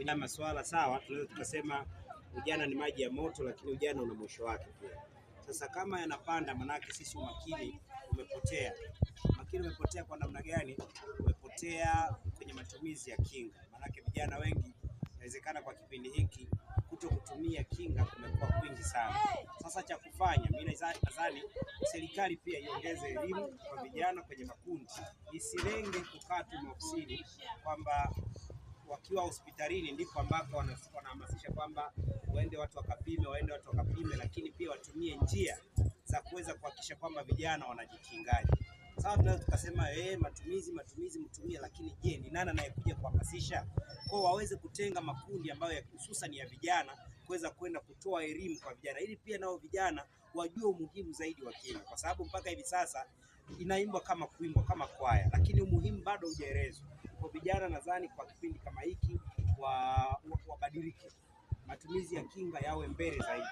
kwenye masuala sawa, tunaweza tukasema ujana ni maji ya moto, lakini ujana una mwisho wake pia. Sasa kama yanapanda, manake sisi umakini umepotea. Umakini umepotea kwa namna gani? Umepotea kwenye matumizi ya kinga, manake vijana wengi inawezekana kwa kipindi hiki kuto kutumia kinga kumekuwa kwingi sana. Sasa cha kufanya, mimi nadhani serikali pia iongeze elimu kwa vijana kwenye makundi, isilenge kukaa tu maofisini kwamba wakiwa hospitalini ndipo ambapo wanahamasisha kwamba waende watu wakapime, waende watu wakapime, lakini pia watumie njia za kuweza kuhakikisha kwamba vijana wanajikingaje. Sawa, tunaweza tukasema eh, matumizi matumizi mtumie, lakini je, ni nani anayekuja kuhamasisha? Kwa waweze kutenga makundi ambayo hususan ya vijana kuweza kwenda kutoa elimu kwa vijana, ili pia nao vijana wajue umuhimu zaidi wa kina, kwa sababu mpaka hivi sasa inaimbwa kama kuimbwa kama kwaya, lakini umuhimu bado hujaelezwa. Kwa vijana nadhani kwa kipindi kama hiki wabadilike, wa, wa matumizi ya kinga yawe mbele zaidi,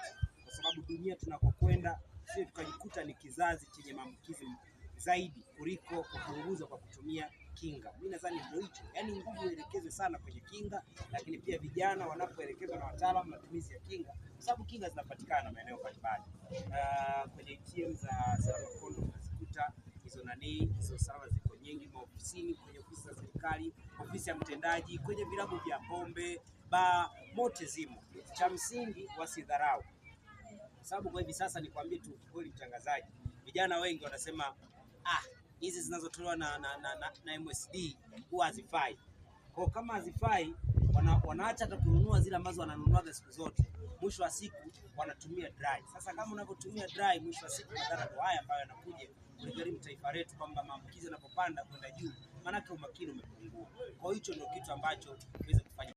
kwa sababu dunia tunakokwenda sisi tukajikuta ni kizazi chenye maambukizi zaidi kuliko kupunguza kwa kutumia kinga. Mimi nadhani ndio hicho, yaani nguvu ielekezwe sana kwenye kinga, lakini pia vijana wanapoelekezwa na wataalamu matumizi ya kinga, kwa sababu kinga zinapatikana maeneo mbalimbali. Uh, kwenye ATM za Salama kondo unazikuta hizo nanii hizo, salama ziko nyingi, maofisini, kwenye ofisi serikali, ofisi ya mtendaji, kwenye vilabu vya pombe, baa, mote zimo. Cha msingi wasidharau, sababu kwa hivi sasa nikwambie tu kweli, mtangazaji, vijana wengi wanasema ah, hizi zinazotolewa na, na, na, na, na MSD huwa hazifai. Kwa kama hazifai wana, wanaacha hata kununua zile ambazo wananunuaga siku zote, mwisho wa siku wanatumia dry. Sasa kama unavyotumia dry, mwisho wa siku madhara haya ambayo yanakuja taifa letu kwamba maambukizi yanapopanda kwenda juu, maanake umakini umepungua. Kwa hiyo hicho ndio kitu ambacho tuweze kufanya.